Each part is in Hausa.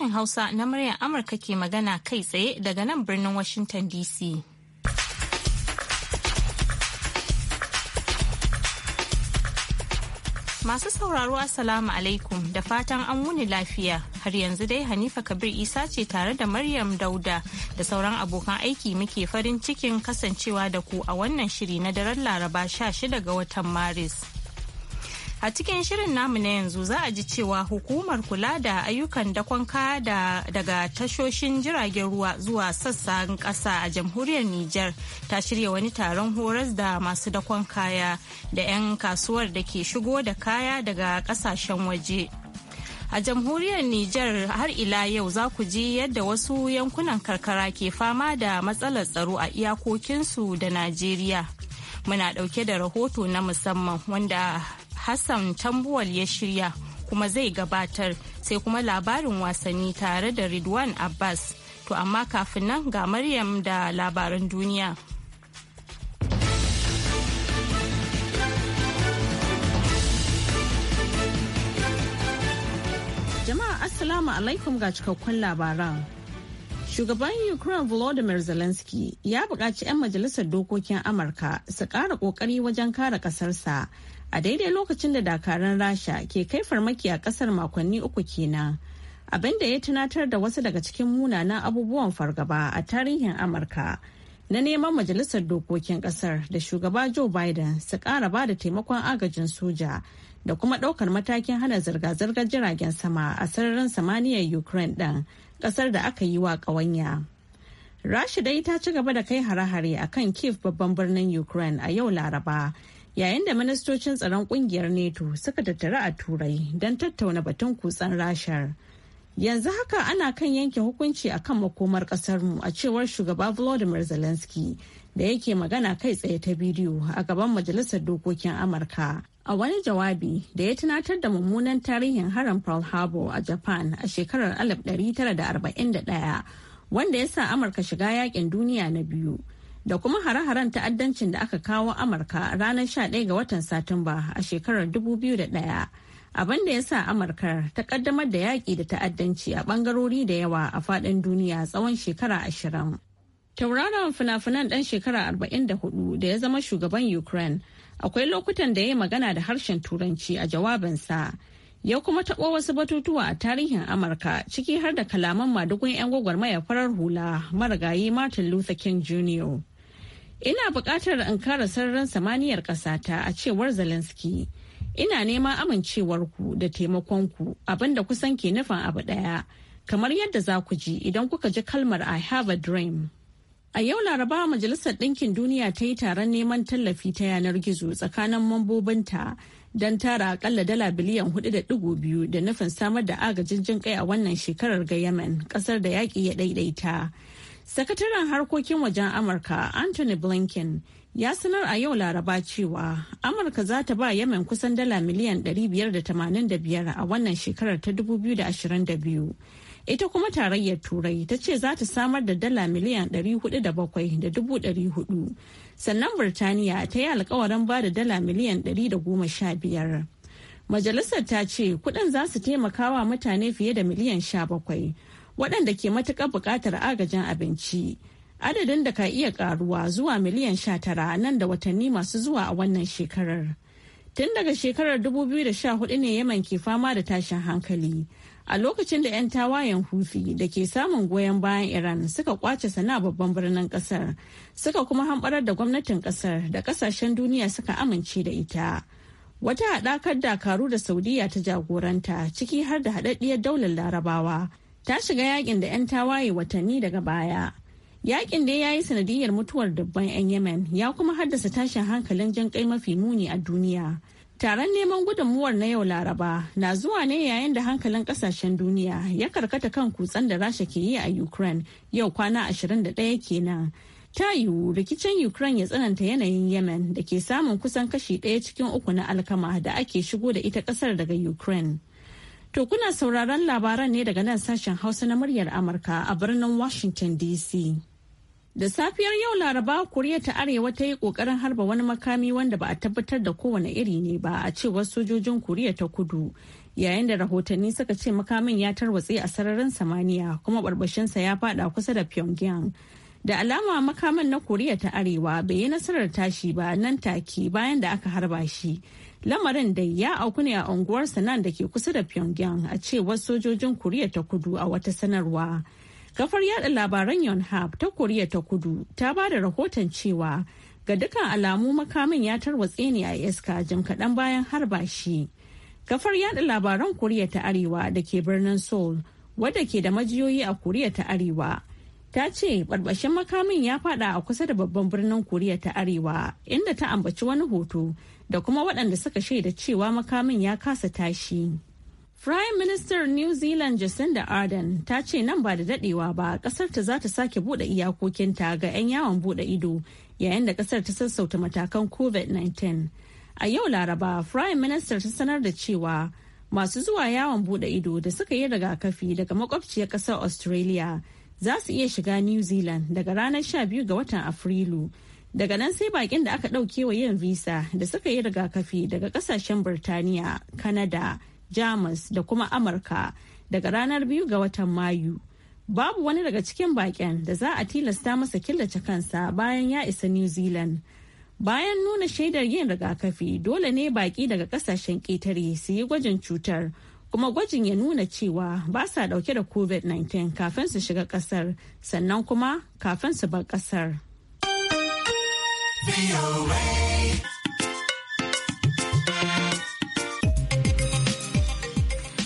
sashen Hausa na muryar Amurka ke magana kai tsaye daga nan birnin Washington DC. Masu sauraro Assalamu alaikum da fatan an wuni lafiya har yanzu dai Hanifa Kabir Isa ce tare da Maryam Dauda da sauran abokan aiki muke farin cikin kasancewa da ku a wannan shiri na daren Laraba 16 ga watan Maris. A cikin shirin namu na yanzu za a ji cewa hukumar kula da ayyukan dakon kaya daga tashoshin jiragen ruwa zuwa sassan kasa a jamhuriyar Nijar ta shirya wani taron horas da masu dakon kaya da 'yan kasuwar da ke shigo da kaya daga kasashen waje. a jamhuriyar Nijar har ila yau za ku ji yadda wasu yankunan karkara ke fama da matsalar tsaro a iyakokinsu da Najeriya. Muna dauke da rahoto na musamman wanda Hassan Tambuwal ya shirya kuma zai gabatar sai kuma labarin wasanni tare da Ridwan Abbas. To amma kafin nan ga Maryam da labaran duniya. Jama'a Assalamu alaikum ga cikakkun labaran. Shugaban Ukraine Volodymyr Zelensky ya buƙaci 'yan majalisar dokokin Amurka su ƙara ƙoƙari wajen kare ƙasarsa a daidai lokacin da dakaran rasha ke kai farmaki a kasar makonni uku kenan abin da ya tunatar da wasu daga cikin munanan abubuwan fargaba a tarihin amurka na neman majalisar dokokin kasar da shugaba joe biden su kara ba da taimakon agajin soja da kuma daukar matakin hana zirga-zirgar jiragen sama a sararin samaniyar ukraine ɗin kasar da aka yi wa ƙawanya rasha dai ta ci gaba da kai hare-hare a kan kiev babban birnin ukraine a yau laraba yayin da ministocin tsaron kungiyar neto suka tattara a turai don tattauna batun kutsan rashar yanzu haka ana kan yanke hukunci akan makomar kasarmu a cewar shugaba volodymyr zelensky da yake magana kai tsaye ta bidiyo a gaban majalisar dokokin amurka a wani jawabi da ya tunatar da mummunan tarihin harin pearl harbor a japan a shekarar 1941 wanda ya sa amurka shiga yakin duniya na biyu da kuma hare-haren ta'addancin da aka kawo amurka ranar 11 ga watan satumba a shekarar 2001 abin da ya sa amurka ta kaddamar da yaƙi da ta'addanci a ɓangarori da yawa a faɗin duniya tsawon shekara ashirin tauraron fina-finan ɗan shekara 44 da ya zama shugaban ukraine akwai lokutan da ya yi magana da harshen turanci a jawabinsa ya kuma taɓo wasu batutuwa a tarihin amurka ciki har da kalaman madugun 'yan gwagwarmaya farar hula marigayi martin luther king jr Ina buƙatar in kara sararin samaniyar ƙasata a cewar Zelensky. Ina neman amincewarku da taimakon ku abinda kusan ke nufin abu ɗaya, kamar yadda za ku ji idan kuka ji kalmar I have a dream. A yau Laraba Majalisar Ɗinkin Duniya ta yi taron neman tallafi ta yanar gizo tsakanin mambobinta don tara akalla dala biliyan 4.2 da nufin samar da agajin jin kai a wannan shekarar ga Yemen, ƙasar da yaƙi ya ɗaiɗaita. Sakataren harkokin wajen Amurka Anthony Blinken ya sanar a yau laraba cewa Amurka za ta ba Yemen kusan dala miliyan 585 a wannan shekarar ta 2022. Ita kuma tarayyar Turai ta ce za ta samar da dala miliyan 407,400. Sannan Birtaniya ta yi alkawarin ba da dala miliyan 115. Majalisar ta ce kudin za su taimaka wa mutane fiye da miliyan 17. waɗanda ke matuƙar buƙatar agajin abinci adadin da ka iya ƙaruwa zuwa miliyan sha tara nan da watanni masu zuwa a wannan shekarar tun daga shekarar dubu biyu da sha hudu ne yaman ke fama da tashin hankali a lokacin da 'yan tawayen hufi da ke samun goyon bayan iran suka kwace sana babban birnin kasar suka kuma hamɓarar da gwamnatin kasar da kasashen duniya suka amince da ita wata haɗakar dakaru da saudiya ta jagoranta ciki har da haɗaɗɗiyar daular larabawa ta shiga yakin da 'yan tawaye watanni daga baya. Yakin da ya yi sanadiyar mutuwar dubban 'yan Yemen ya kuma haddasa tashin hankalin jan kai mafi muni a duniya. Taron neman gudunmuwar na yau Laraba na zuwa ne yayin da hankalin kasashen duniya ya karkata kan kutsen da Rasha ke yi a Ukraine yau kwana 21 kenan. Ta yiwu rikicin Ukraine ya tsananta yanayin Yemen da ke samun kusan kashi ɗaya cikin uku na alkama da ake shigo da ita ƙasar daga Ukraine. To kuna sauraron labaran ne daga nan sashen Hausa na muryar Amurka a birnin Washington DC. Da safiyar yau Laraba, Koriya ta Arewa ta yi ƙoƙarin harba wani makami wanda ba a tabbatar da kowane iri ne ba a cewar sojojin Koriya ta Kudu. Yayin da rahotanni suka ce makamin ya tarwatse a sararin samaniya kuma barbashinsa ya fada kusa da Pyongyang. Da alama makamin na Koriya ta Arewa bai yi nasarar tashi ba nan take bayan da aka harba shi. Lamarin da ya auku ne a unguwar Sanan da ke kusa da Pyongyang a cewar sojojin Koriya ta kudu a wata sanarwa. Kafar yada labaran Yonhap ta Koriya ta kudu ta ba da rahoton cewa ga dukkan alamu makamin ya tarwatse ne a iska jim kaɗan bayan harba shi. Kafar yada labaran Koriya ta Arewa da ke birnin Seoul wadda ke da majiyoyi a Koriya ta Arewa ta ce barbashin makamin ya fada a kusa da babban birnin koriya ta arewa inda ta ambaci wani hoto da kuma waɗanda suka shaida cewa makamin ya kasa tashi Prime Minister New Zealand Jacinda arden ta ce nan ba da dadewa ba kasar ta za ta sake bude iyakokinta ga 'yan yawon bude ido yayin da kasar ta sassauta matakan COVID-19. A yau Laraba, Prime Minister ta sanar da cewa masu zuwa yawon bude ido da suka yi rigakafi daga makwabciyar kasar Australia za su iya shiga New Zealand daga ranar 12 ga watan Afrilu. Daga nan sai bakin da aka dauke wa yin visa da suka yi rigakafi daga kasashen Birtaniya, Canada, Jamus da kuma Amurka daga ranar 2 ga watan Mayu. Babu wani daga cikin bakin da za a tilasta masa killace kansa bayan ya isa New Zealand. Bayan nuna shaidar yin rigakafi dole ne baki daga kasashen ƙetare su yi gwajin cutar. kuma gwajin ya nuna cewa ba sa dauke da covid-19 kafin su shiga kasar sannan kuma kafin su bar kasar.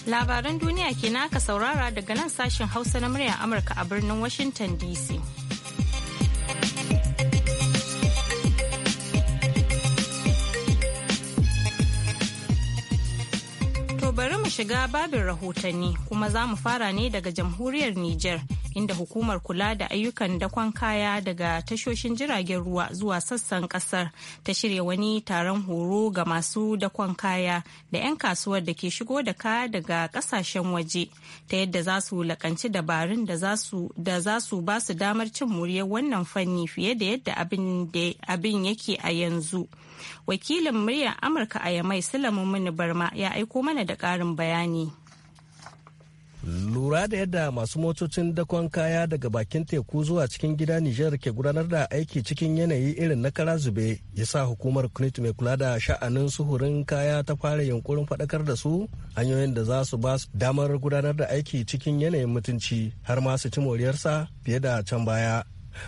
Labaran duniya ke naka saurara daga nan sashen Hausa na murya Amurka a birnin Washington DC. mu shiga babin rahotanni kuma za mu fara ne daga jamhuriyar Nijar inda hukumar kula da ayyukan dakon kaya daga tashoshin jiragen ruwa zuwa sassan kasar ta shirya wani taron horo ga masu dakon kaya da 'yan kasuwar da ke shigo da kaya daga kasashen waje ta yadda za su lakanci dabarun da za su ba su damar cin muryar wannan fanni fiye da yadda abin yake a yanzu. Wakilin muryar Amurka a Yamai muni Barma ya aiko mana da ƙarin bayani. lura da yadda masu motocin dakon kaya daga bakin teku zuwa cikin gida nijar ke gudanar da aiki cikin yanayi irin na kara zube ya sa hukumar knit mai kula da sha'anin suhurin kaya ta fara yunkurin faɗakar da su hanyoyin da za su ba su damar gudanar da aiki cikin yanayin mutunci har ma su ci moriyarsa fiye da can baya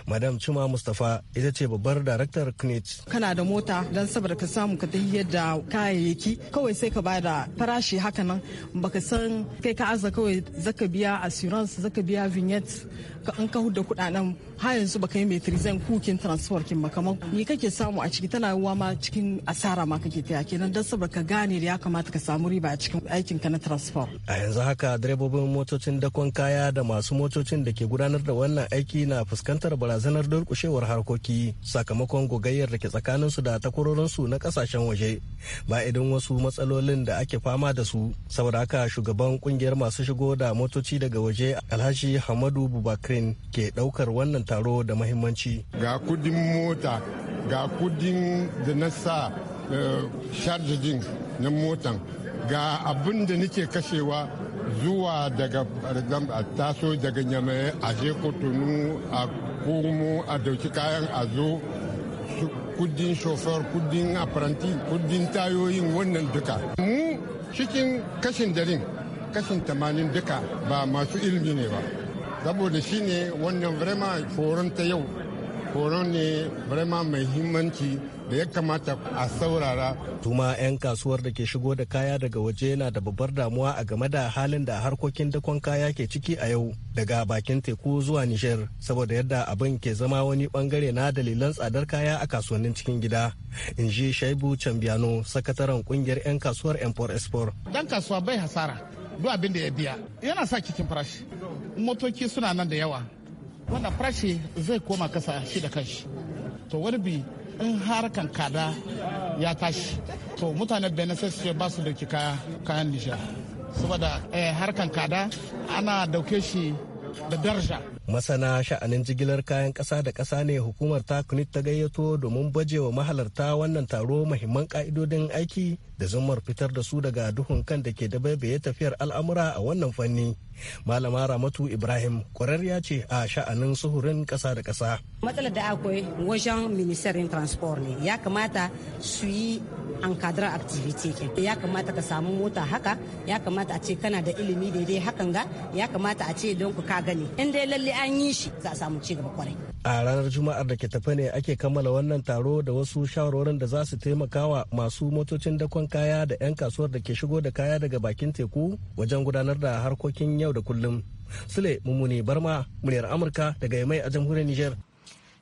madam Cuma mustapha ita ce babbar daraktar knit kana da mota don saboda ka samu ka tafi yadda kayayyaki kawai sai ka bada farashi haka nan baka san kai ka aza kawai zaka biya assurance zaka biya vignette an ka huda kudaden har yanzu baka yi zan kukin transfer kin ba kamar ni kake samu a ciki tana yiwuwa ma cikin asara ma kake taya kenan don saboda ka gane da ya kamata ka samu riba a cikin aikin ka na transfer a yanzu haka direbobin motocin dakon kaya da masu motocin da ke gudanar da wannan aiki na fuskantar fara barazanar durƙushewar harkoki sakamakon gogayyar da ke tsakaninsu da takwarorinsu na kasashen waje ba idan wasu matsalolin da ake fama da su saboda haka shugaban kungiyar masu shigo da motoci daga waje alhaji hamadu bubakrin ke daukar wannan taro da mahimmanci ga kudin mota ga kudin da na sa sharjajin eh, na motan ga abin da nake kashewa zuwa daga a taso daga nyamai a je kotunu a komo a dauki kayan a zo kudin shofar kudin apprenti kudin tayoyin wannan duka mu cikin kashin darin kashin tamanin duka ba masu ilmi ne ba saboda shi ne wannan vraiment horon ta yau horon ne vraiment mai himmanci da ya kamata a saurara. Tuma 'yan kasuwar da ke shigo da kaya daga waje yana da babbar damuwa a game da halin da harkokin dakon kaya ke ciki a yau daga bakin teku zuwa Nijar saboda yadda abin ke zama wani bangare na dalilan tsadar kaya a kasuwannin cikin gida. In ji Shaibu Cambiano, sakataren kungiyar 'yan kasuwar Empor Espor. Dan kasuwa bai hasara, duk abin da ya biya yana sa cikin farashi. Motoci suna nan da yawa. wanda farashi zai koma kasa shi da kanshi. To wani bi in harkan kada ya tashi to mutane benin sai su ce ba su dauki kayan nisha saboda eh, harkan kada ana dauke shi da darja masana sha'anin jigilar kayan ƙasa da ƙasa ne hukumar kunit ta gayyato domin baje wa mahalarta wannan taro mahimman ƙa'idodin aiki da zumar fitar da su daga duhun kan da ke dabaibaye tafiyar al'amura a wannan fanni malama ramatu ibrahim ya ce a sha'anin suhurin kasa da kasa. matsalar da akwai wajen ministerin transport ne ya kamata su yi an kadara activity ya kamata ka samu mota haka ya kamata a ce kana da ilimi daidai hakan ga ya kamata a ce don ku ka gani in dai lalle an yi shi za a samu ci gaba kwarai a ranar juma'ar da ke tafe ne ake kammala wannan taro da wasu shawarorin da za su taimaka wa masu motocin dakon kaya da 'yan kasuwar da ke shigo da kaya daga bakin teku wajen gudanar da harkokin yau da kullum. Sule Mumuni Barma, muryar Amurka daga Yamai a jamhuriyar Nijar.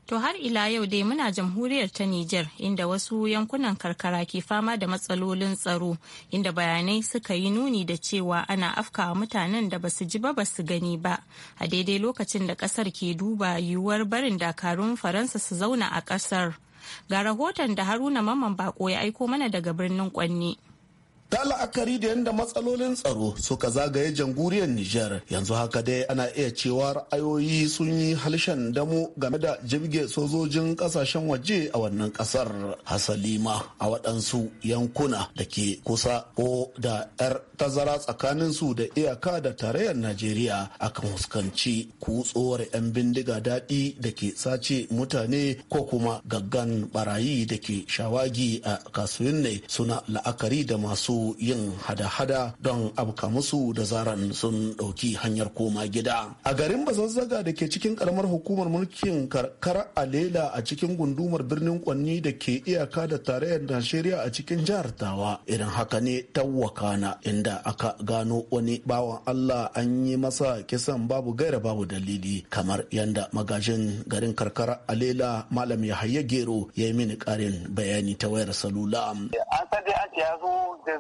To har ila yau dai muna jamhuriyar ta Nijar inda wasu yankunan karkara ke fama da matsalolin tsaro inda bayanai suka yi nuni da cewa ana afkawa mutanen da basu ji ba basu gani ba a daidai lokacin da kasar ke duba yiwuwar barin dakarun Faransa su zauna a kasar. Ga rahoton da Haruna Mamman Bako ya aiko mana daga birnin Kwanni. ta la'akari da yadda matsalolin tsaro suka zagaye janguriyar Nijar yanzu haka dai ana iya cewa ra'ayoyi sun yi halshen damu game da jirge sojojin kasashen waje a wannan kasar hasalima a waɗansu yankuna da ke kusa ko da 'yar tazara tsakanin su da iyaka da tarayyar Najeriya akan fuskanci kutsuwar 'yan bindiga daɗi da ke sace mutane ko kuma gaggan barayi da ke shawagi a ne suna la'akari da masu su yin hada-hada don abka musu da zaran sun ɗauki hanyar koma gida. A garin Bazazzaga da ke cikin karamar hukumar mulkin karkara Alela a cikin gundumar birnin Kwanni da ke iyaka da tarayyar Najeriya a cikin jihar Tawa. Irin haka ne tawakana inda aka gano wani bawan Allah an yi masa kisan babu gaira babu dalili kamar yanda magajin garin karkara Alela Malam Yahaya Gero ya yi mini karin bayani ta wayar salula. An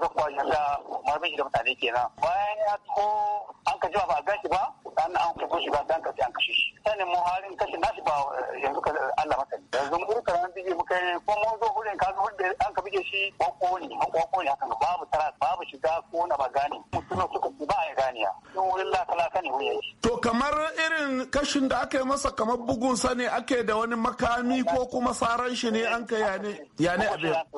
ka kwashi ga marmashi da mutane kenan bayan ya taho an ka jima ba a gashi ba dan an fito shi ba dan ka an kashe shi sanin mu halin kashe nashi ba yanzu ka Allah masa yanzu mu ka nan bige muka yi ko mun zo gurin ka zo da an ka bige shi ko ko ne ko ko ne haka babu tara babu shiga ko na ba gane mutum suka ba ya gane ya sun wurin lakalaka ne wuya to kamar irin kashin da aka yi masa kamar bugun sa ne ake da wani makami ko kuma saran shi ne an ka yane yane abin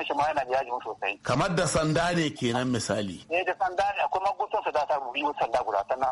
kanshi ma yana da yaji sosai kamar da sanda ne kenan misali eh da sanda ne akwai da ta rubi wata sanda guda ta na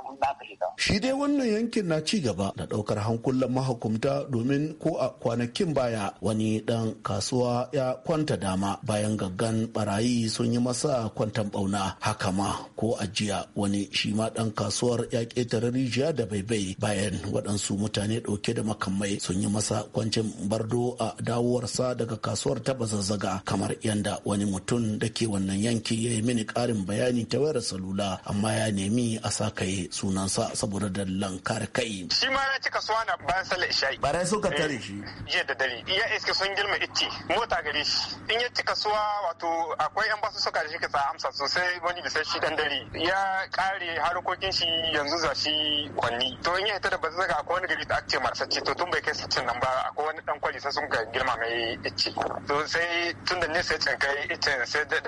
ta. Shi dai wannan yankin na ci gaba da ɗaukar hankulan mahukumta domin ko a kwanakin baya wani dan kasuwa ya kwanta dama bayan gaggan barayi sun yi masa kwantan bauna haka ma ko ajiya wani shi ma dan kasuwar ya ƙetare rijiya da baibai bayan waɗansu mutane ɗauke da makamai sun yi masa kwancin bardo a dawowarsa daga kasuwar ta bazazzaga kamar yanda wani mutum da ke wannan yanki ya yi mini ƙarin bayani ta wayar salula a amma ya nemi a sa kai sunansa saboda dallan kare kai shi ma ya ci kasuwa na bayan sallar isha'i so ka tare eh, shi jiya da dare iya iske sun girma itti mota gare shi in ya ci kasuwa wato akwai yan basu suka da shi ka amsa sosai wani sai shi dan dare ya kare harkokin shi yanzu za shi kwanni to in ya hita da bazzaga akwai wani gari da ake marsacce to tun bai kai sittin nan ba akwai wani dan kwali sai sun girma mai itti to sai tun da sai can kai itti sai da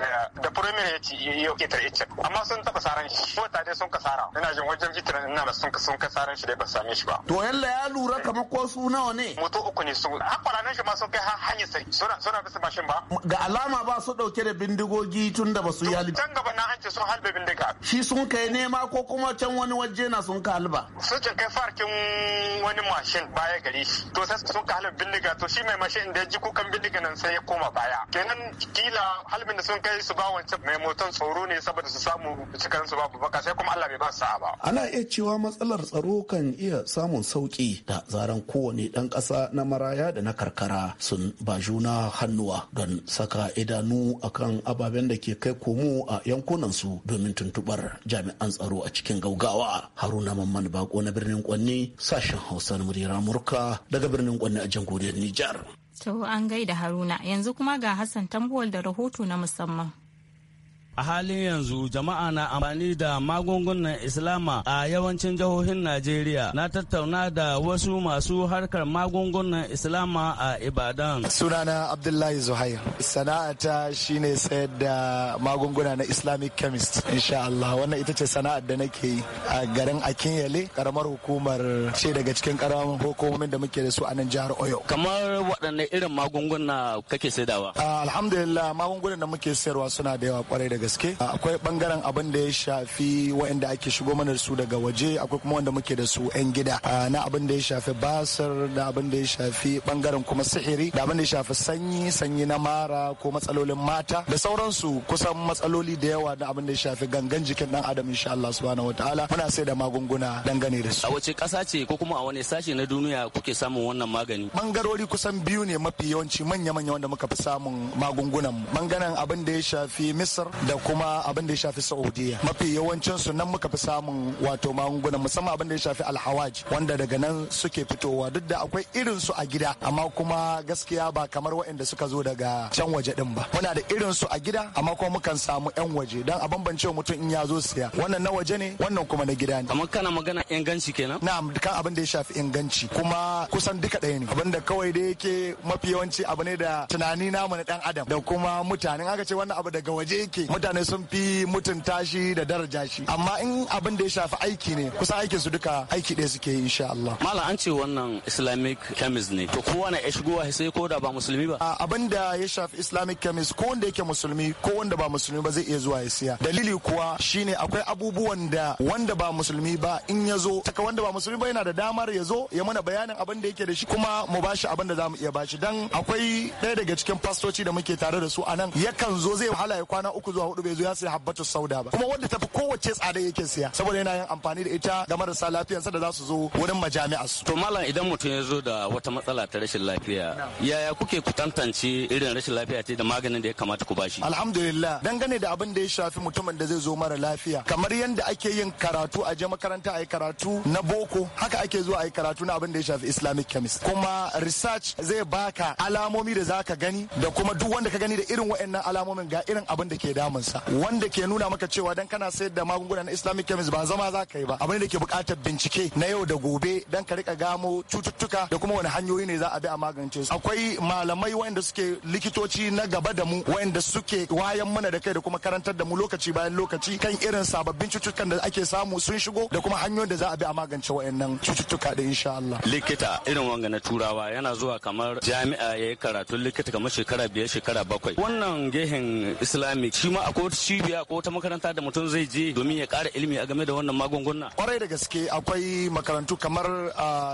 da primary ya ci yau tar itti amma sun taba saran shi mota dai sun kasara ina jin wajen vitrin ina da sun sun kasaran shi dai ba same shi ba to yalla ya lura kamar ko su nawa ne mutu uku ne su hakwaranan shi ma sun kai hanyar sai suna suna bisa mashin ba ga alama ba su dauke da bindigogi tun da ba su yi halibi can gaba na hanci sun halbe bindiga shi sun kai nema ko kuma can wani waje na sun ka halba sun kai farkin wani mashin baya gari shi to sai sun ka halbe bindiga to shi mai mashin da ya ji kukan bindiga nan sai ya koma baya kenan kila halbin da sun kai su ba wancan mai motan tsoro ne saboda su samu cikin su ba abubakar sai kuma Allah bai ba sa'a ba ana iya cewa matsalar tsaro kan iya samun sauƙi da zaran kowane ɗan ƙasa na maraya da na karkara sun ba juna hannuwa don saka idanu akan ababen da ke kai komo a yankunan su domin tuntubar jami'an tsaro a cikin gaugawa haruna mamman bako na birnin kwanni sashen hausa na muryar amurka daga birnin kwanni a jamhuriyar nijar to an gaida haruna yanzu kuma ga hassan tambuwal da rahoto na musamman A halin yanzu jama'a na amfani da magungunan Islama a yawancin jihohin Najeriya. Na tattauna da wasu masu harkar magungunan Islama a Ibadan. Sunana Abdullahi Zuhair. Sana'ata shine sayar da magunguna na Islamic chemist insha Allah. Wannan ita ce sana'ar da nake yi a garin Akinyele, karamar hukumar ce daga cikin karamin hukumomin da muke da su a nan jihar Oyo. Kamar waɗanne irin magunguna kake sayarwa? Ah, alhamdulillah magungunan da muke sayarwa suna da yawa kwarai da gaske akwai bangaren abin da ya shafi waɗanda ake shigo mana su daga waje akwai kuma wanda muke da su 'yan gida na abin da ya shafi basir da abin da ya shafi bangaren kuma sihiri da abin da ya shafi sanyi sanyi na mara ko matsalolin mata da sauransu kusan matsaloli da yawa da abin da ya shafi gangan jikin dan adam insha Allah subhanahu wataala muna sai da magunguna dangane da su a wace kasa ce ko kuma a wani sashe na duniya kuke samun wannan magani bangarori kusan biyu ne mafi yawanci manya-manya wanda muka fi samun magungunan mu bangaren abin da ya shafi misir da kuma abin da ya shafi saudiya mafi yawancin su nan muka fi samun wato magunguna musamman abin da ya shafi alhawaj wanda daga nan suke fitowa duk da akwai irin su a gida amma kuma gaskiya ba kamar waɗanda suka zo daga can waje din ba muna da irin su a gida amma kuma mukan samu yan waje dan a bambance mutum in ya zo siya wannan na waje ne wannan kuma na gida ne amma kana magana inganci kenan na kan abin da ya shafi inganci kuma kusan duka ɗaya ne abin da kawai da yake mafi yawanci abu ne da tunani namu na dan adam da kuma mutanen aka ce wannan abu daga waje yake mutane sun fi mutunta shi da daraja shi amma in abin da ya shafi aiki ne kusan aikin su duka aiki ɗaya suke yi insha Allah malam an ce wannan islamic chemist ne to kowa na shigowa sai ko da ba musulmi ba abin da ya shafi islamic chemist ko wanda yake musulmi ko wanda ba musulmi ba zai iya zuwa ya siya dalili kuwa shine akwai abubuwan da wanda ba musulmi ba in ya zo taka wanda ba musulmi ba yana da damar ya zo ya mana bayanin abin da yake da shi kuma mu shi abin da zamu iya bashi dan akwai ɗaya daga cikin fastoci da muke tare da su a nan yakan zo zai wahala ya kwana uku zuwa hudu bai zo ya sayi habbatu sauda ba kuma wanda tafi kowace tsada yake siya saboda yana yin amfani da ita ga marasa lafiyansa da za su zo wurin majami'as. su to malam idan mutum ya zo da wata matsala ta rashin lafiya yaya kuke ku tantance irin rashin lafiya ce da maganin da ya kamata ku bashi alhamdulillah dangane da abin da ya shafi mutumin da zai zo mara lafiya kamar yadda ake yin karatu a je makaranta a yi karatu na boko haka ake zuwa a yi karatu na abin da ya shafi islamic chemist kuma research zai baka alamomi da zaka gani da kuma duk wanda ka gani da irin waɗannan alamomin ga irin abin da ke damun samunsa wanda ke nuna maka cewa dan kana sayar da magunguna na islamic chemist ba zama za ka yi ba abin da ke bukatar bincike na yau da gobe dan ka rika gamo cututtuka da kuma wani hanyoyi ne za a bi a magance su akwai malamai wanda suke likitoci na gaba da mu wanda suke wayan mana da kai da kuma karantar da mu lokaci bayan lokaci kan irin sababbin cututtukan da ake samu sun shigo da kuma hanyoyin da za a bi a magance wayannan cututtuka da insha Allah likita irin wanga na turawa yana zuwa kamar jami'a yayi karatu likita kamar shekara biyar shekara bakwai wannan gehen islamic shi ma akwai cibiya ko ta makaranta da mutum zai je domin ya ƙara ilimi a game da wannan magunguna kwarai da gaske akwai makarantu kamar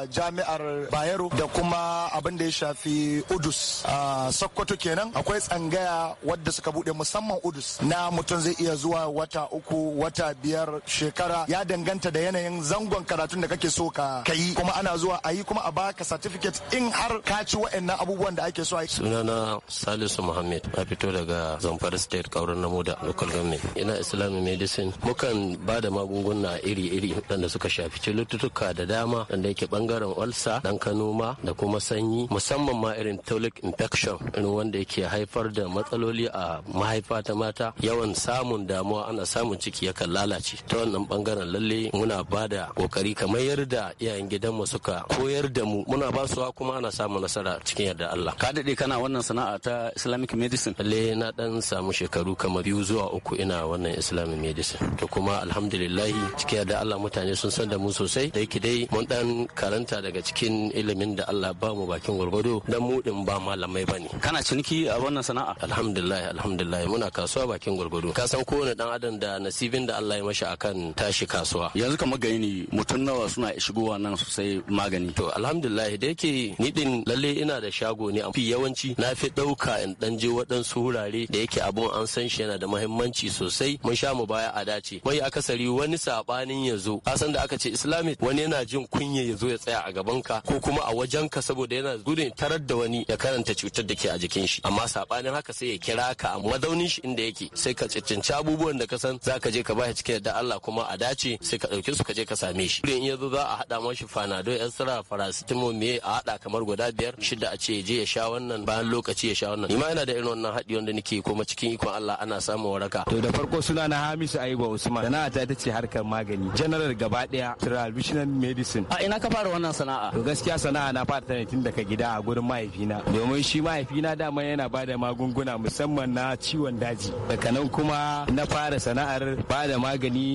jami'ar bayero da kuma abin da ya shafi udus a sokoto kenan akwai tsangaya wadda suka bude musamman udus na mutum zai iya zuwa wata uku wata biyar shekara ya danganta da yanayin zangon karatun da kake so ka yi kuma ana zuwa a yi kuma a baka certificate in har ka ci wa'annan abubuwan da ake so a yi sunana salisu muhammad na fito daga zamfara state kauran namo da local government ina Islamic medicine mukan ba da magunguna iri-iri waɗanda suka shafi cututtuka da dama wanda yake bangaren ulcer dan kanoma da kuma sanyi musamman ma irin tolic infection irin wanda yake haifar da matsaloli a mahaifa ta mata yawan samun damuwa ana samun ciki yakan lalace ta wannan bangaren lalle muna ba da kokari kamar yarda iyayen gidanmu suka koyar da mu muna ba su kuma ana samun nasara cikin yarda Allah ka dade kana wannan sana'a ta Islamic medicine lalle na dan samu shekaru kamar biyu biyu zuwa uku ina wannan islamic medicine to kuma alhamdulillah cike da allah mutane sun san da mu sosai da yake dai mun dan karanta daga cikin ilimin da allah ba mu bakin gwargwado dan mu din ba malamai ba ne kana ciniki a wannan sana'a alhamdulillah alhamdulillah muna kasuwa bakin gwargwado ka san kowane dan adam da nasibin da allah ya mashi akan tashi kasuwa yanzu kamar gani ne mutum nawa suna shigowa nan sosai magani to alhamdulillah da yake ni din lalle ina da shago ne a yawanci na fi dauka in dan je waɗansu wurare da yake abun an san shi yana da mahimmanci sosai mun sha mu baya a dace wai akasari wani sabanin ya zo kasan da aka ce islamic wani yana jin kunya ya zo ya tsaya a gaban ka ko kuma a wajen ka saboda yana gudun tarar da wani ya karanta cutar da ke a jikin shi amma sabanin haka sai ya kira ka a mazaunin shi inda yake sai ka cincinci abubuwan da ka san zaka je ka ba cikin da Allah kuma a dace sai ka dauke su ka je ka same shi in ya zo za a hada mashi fanado sara farasitimo me a hada kamar guda biyar shida a ce je ya sha wannan bayan lokaci ya sha wannan yana ina da irin wannan haɗi wanda nake kuma cikin ikon Allah ana samu waraka. To da farko suna na Hamisu Ayuba Usman sana'a ta ita ce harkar magani general gaba daya traditional medicine. A ina ka fara wannan sana'a? To gaskiya sana'a na fara ne tun daga gida a gurin mahaifina domin shi mahaifina dama yana ba da magunguna musamman na ciwon daji. Daga nan kuma na fara sana'ar ba da magani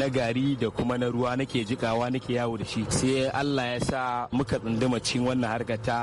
na gari da kuma na ruwa nake jikawa nake yawo da shi sai Allah ya sa muka tsunduma cin wannan harka ta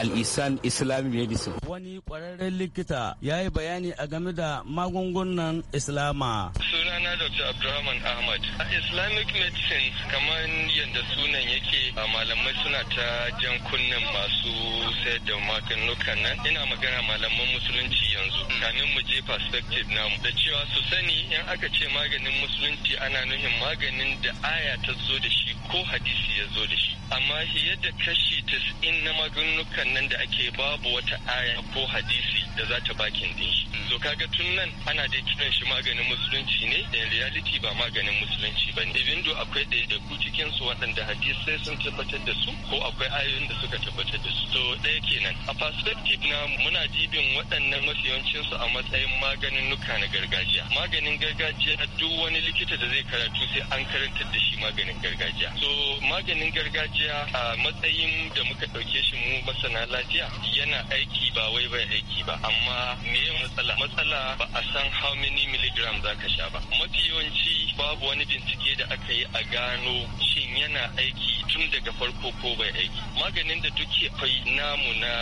Al-Isan Islamic Medicine. Wani kwararren likita ya yi bayani a game da magungunan magungunan Islama. Sunana Dr. Abdulrahman Ahmad. A Islamic medicine kamar yadda sunan yake a malamai suna ta jan kunnen masu sayar da maganukan nan. Ina magana malaman musulunci yanzu. Kamin mu je perspective namu da cewa su sani in aka ce maganin musulunci ana nuhin maganin da aya ta zo da shi ko hadisi ya zo da shi. Amma yadda kashi tas'in na maganukan nan da ake babu wata aya ko hadisi da za ta bakin din shi. So kaga tun nan ana dai kiran shi maganin musulunci ne in reality ba maganin musulunci ba ne akwai ɗaiɗaiku cikin su waɗanda hadisai sun tabbatar da su ko akwai ayoyin da suka tabbatar da su to ɗaya kenan a perspective na muna dibin waɗannan mafi yawancin su a matsayin maganin nuka na gargajiya maganin gargajiya duk wani likita da zai karatu sai an karantar da shi maganin gargajiya so maganin gargajiya a matsayin da muka ɗauke shi mu masana lafiya yana aiki ba wai bai aiki ba amma me matsala matsala ba a san how many milligram za ka sha ba mafi yawanci babu wani bincike da aka yi a gano shin yana aiki tun daga farko ko bai aiki maganin da duke kai namu na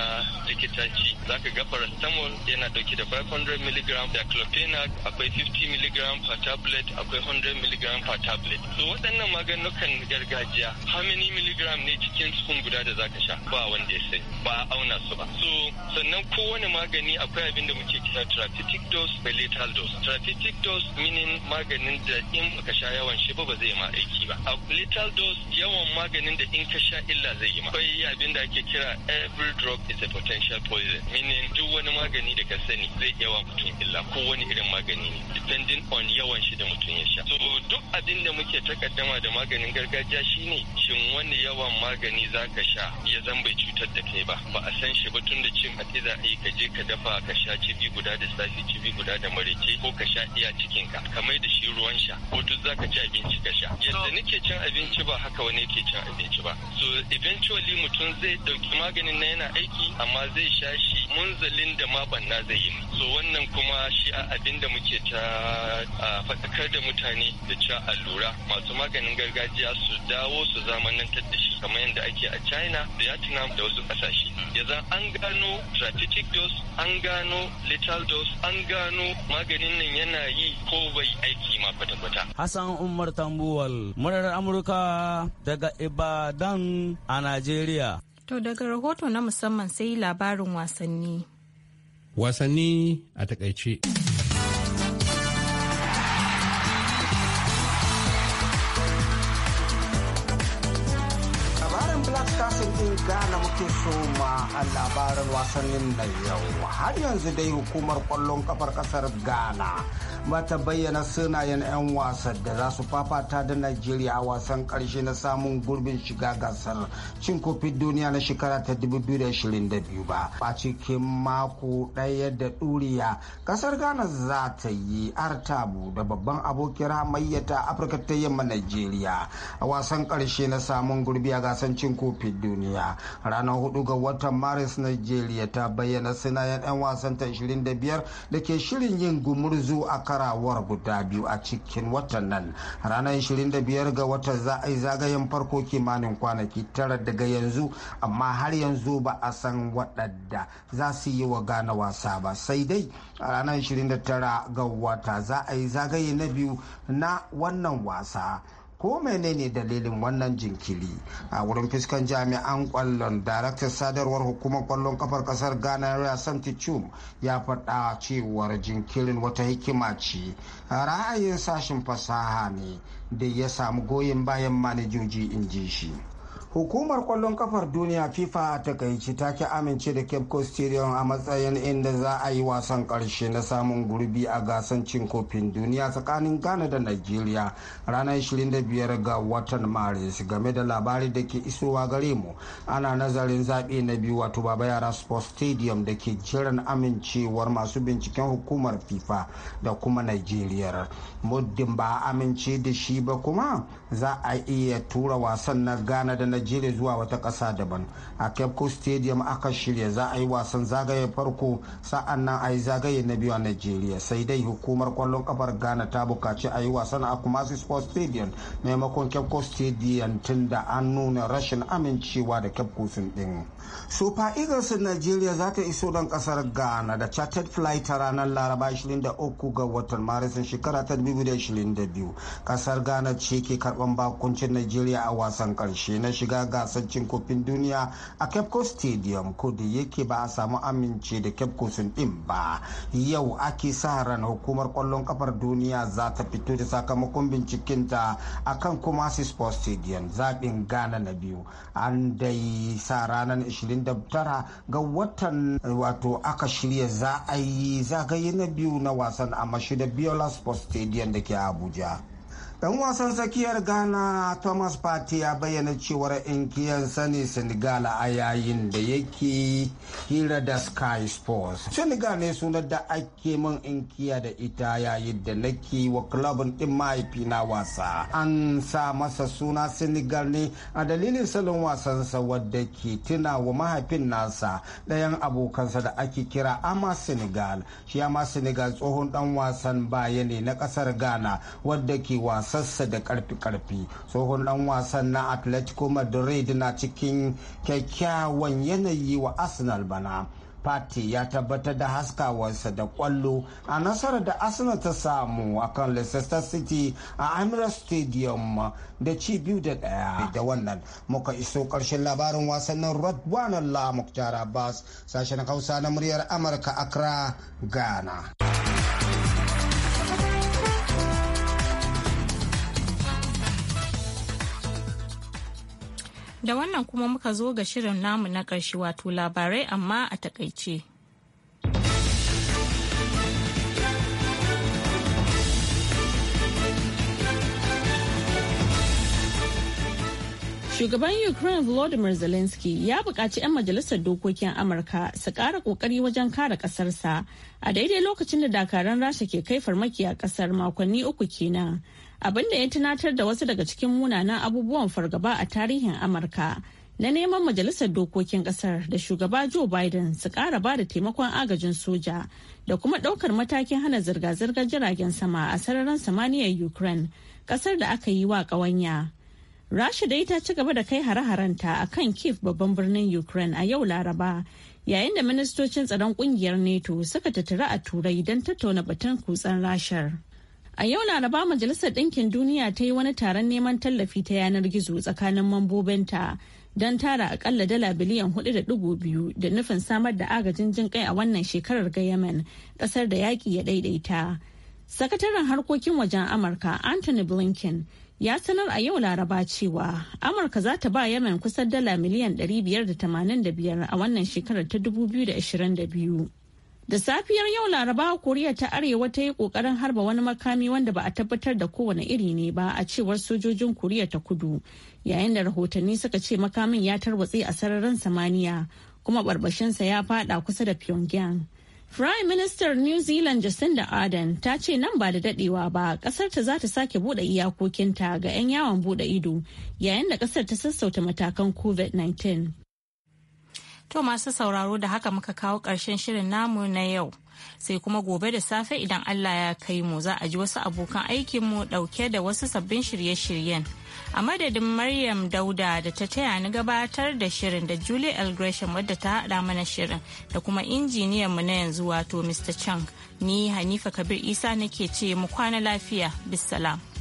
likitanci ka ga paracetamol yana dauke da 500 mg da clopinac akwai 50 mg per tablet akwai 100 mg per tablet so waɗannan maganukan gargajiya how many mg ne cikin sukun guda da zaka sha ba wanda ya sai ba a auna su ba so sannan kowane magani akwai abin da muke kira therapeutic dose da dose therapeutic dose meaning maganin da in in baka sha yawan shi ba ba zai ma aiki ba a little dose yawan maganin da in ka sha illa zai yi ma akwai abin da ake kira every drop is a potential poison meaning duk wani magani da ka sani zai iya wa mutum illa ko wani irin magani ne depending on yawan shi da mutum ya sha so duk abin da muke takaddama da maganin gargajiya shine shin wani yawan magani zaka sha ya zan bai cutar da kai ba ba a san shi ba tun da cin hatsi za a yi ka je ka dafa ka sha cibi guda da safi cibi guda da marece ko ka sha iya cikin ka ka mai da shi ruwan sha ko duk ka ci abinci ka sha yadda nake cin abinci ba haka wani yake cin abinci ba so eventually mutum zai ɗauki maganin na yana aiki amma zai sha shi munzalin da ma banna zai yi so wannan kuma shi a abin da muke ta faɗakar da mutane da cewa allura masu maganin gargajiya su dawo su zamanin da shi kamar yadda ake a china da vietnam da wasu ƙasashe yanzu an gano strategic dose an gano lethal dose an gano maganin nan yana yi ko bai aiki ma kwata-kwata Hassan Umar Tambuwal, murar Amurka daga Ibadan a Najeriya. To daga rahoto na musamman sai labarin wasanni. Wasanni a takaice. kan labarin wasannin na yau har yanzu dai hukumar kwallon kafar kasar ghana bata bayyana sunayen 'yan wasan da za su fafata da najeriya a wasan karshe na samun gurbin shiga gasar cin kofin duniya na shekara ta 2022 ba a cikin mako ɗaya da ɗuriya kasar ghana za ta yi artabu da babban abokin hamayyata afirka ta yamma najeriya a wasan karshe na samun gurbi a gasan cin kofin duniya ranar 4 ga watan Paris Nigeria ta bayyana sinayen 'yan wasanta 25 da ke shirin yin gumurzu a karawar guda biyu a cikin watan nan. Ranar 25 ga watan za a yi zagayen farko kimanin kwanaki tara daga yanzu amma har yanzu ba a san waɗanda za su yi wa gane wasa ba sai dai a ranar 29 ga wata za a yi zagaye na biyu na wannan wasa. ko menene dalilin wannan jinkiri a wurin fiskan jami'an kwallon daraktar sadarwar hukumar kwallon kafar kasar ghana rasan tichum ya faɗa cewar jinkirin wata hikima ce ra'ayin sashen fasaha ne da ya samu goyon bayan manajoji in ji shi hukumar kwallon kafar duniya fifa a takaici ta ki amince da cape coast stadium a matsayin inda za a yi wasan karshe na samun gurbi a gasan cin kofin duniya tsakanin ghana da nigeria ranar 25 ga watan maris game da labari da ke isowa gare mu ana nazarin zaɓe na biyu wato baba yara sports stadium da ke jiran amincewar masu binciken hukumar fifa da kuma nigeria muddin ba amince da shi ba kuma za a iya tura wasan na ghana da nigeria zuwa wata ƙasa daban a cape coast stadium aka shirya za a yi wasan zagaye farko sa'an nan a yi zagaye na biyu a nigeria sai dai hukumar kwallon kafar ghana ta bukaci a yi wasan a kumasi sports stadium maimakon cape coast stadium tun da an nuna rashin amincewa da cape coast din super eagles nigeria za ta iso don kasar ghana da chartered flight ta ranar laraba 23 ga watan maris shekara ta 2022 kasar ghana ce ke karɓar shugaban bakuncin Najeriya a wasan karshe na shiga gasar cin kofin duniya a coast Stadium ko da yake ba a samu amince da cape sun din ba. Yau ake sa ran hukumar kwallon kafar duniya za ta fito da sakamakon bincikinta a kan Kumasi Sports Stadium zaɓin Ghana na biyu. An dai sa ranar 29 ga watan wato aka shirya za a yi zagaye na biyu na wasan a mashi da Biola Sports Stadium da ke Abuja. dan wasan tsakiyar ghana thomas party ya bayyana cewar inkiyar sani senegal a yayin da yake hira da sky sports senegal ne sunar da ake min inkiya da ita yayin da nake wa klabin din mahaifina wasa an sa masa suna senegal ne a dalilin salon wasansa wadda ke tuna wa mahaifin nasa ɗayan abokansa da ake kira ama senegal shi ama senegal tsohon dan wasan baya ne na ƙasar ghana wadda ke wasa wasansa da karfi-karfi tsohon dan wasan na atletico madrid na cikin kyakkyawan yanayi wa arsenal bana pati ya tabbatar da haskawarsa da kwallo a nasarar da Arsenal ta samu akan Leicester City a amira Stadium da ci biyu da ɗaya. Da wannan muka iso karshen labarin wasannin Radwanan La Mukhtar Abbas sashen Hausa na muryar Amurka Accra, Ghana. Da wannan kuma muka zo ga shirin namu na ƙarshe wato labarai amma a takaice. Shugaban Ukraine Volodymyr Zelensky ya buƙaci 'yan majalisar dokokin Amurka su ƙara ƙoƙari wajen kare ƙasarsa a daidai lokacin da dakaran Rasha ke kai farmaki a ƙasar makonni uku kenan. Abin da ya tunatar da wasu daga cikin munanan abubuwan fargaba a tarihin Amurka na neman majalisar dokokin ƙasar da shugaba Joe Biden su ƙara ba da taimakon agajin soja da kuma ɗaukar matakin hana zirga-zirgar jiragen sama a sararin samaniyar Ukraine, ƙasar da aka yi wa ƙawanya. Rasha dai ta ci gaba da kai hare-harenta a kan Kiev babban birnin Ukraine a yau Laraba, yayin da ministocin tsaron kungiyar NATO suka tattara a Turai don tattauna batun kutsen Rashar. A yau Laraba Majalisar Ɗinkin Duniya ta yi wani taron neman tallafi ta yanar gizo tsakanin mambobinta don tara akalla dala biliyan 4.2 da nufin samar da agajin jin kai a wannan shekarar ga Yemen, ƙasar da yaƙi ya ɗaiɗaita. Sakataren harkokin wajen Amurka Anthony Blinken ya sanar a yau laraba cewa amurka za ta ba yemen kusan dala miliyan 585 a wannan shekarar ta 2022 da safiyar yau laraba koriya ta arewa ta yi kokarin harba wani makami wanda ba a tabbatar da kowane iri ne ba a cewar sojojin koriya ta kudu yayin da rahotanni suka ce makamin ya tarwatse a sararin samaniya kuma barbashinsa ya fada kusa da pyongyang Prime Minister New Zealand Jacinda Ardern ta ce nan ba da dadewa ba kasar ta za ta sake bude iyakokinta ga 'yan yawon bude ido yayin da kasar ta sassauta matakan COVID-19. To masu sauraro da haka muka kawo ƙarshen shirin namu na yau. Sai kuma gobe da safe idan Allah ya kai mu za a ji wasu abokan aikinmu ɗauke da wasu sabbin shirye-shiryen. A madadin Maryam Dauda da ta taya ni gabatar da shirin da Julie L. Gresham wadda ta haɗa mana shirin da kuma injiniyan mu na yanzu wato Mr. Chang. Ni Hanifa Kabir Isa nake ce mu kwana lafiya. Bisalam.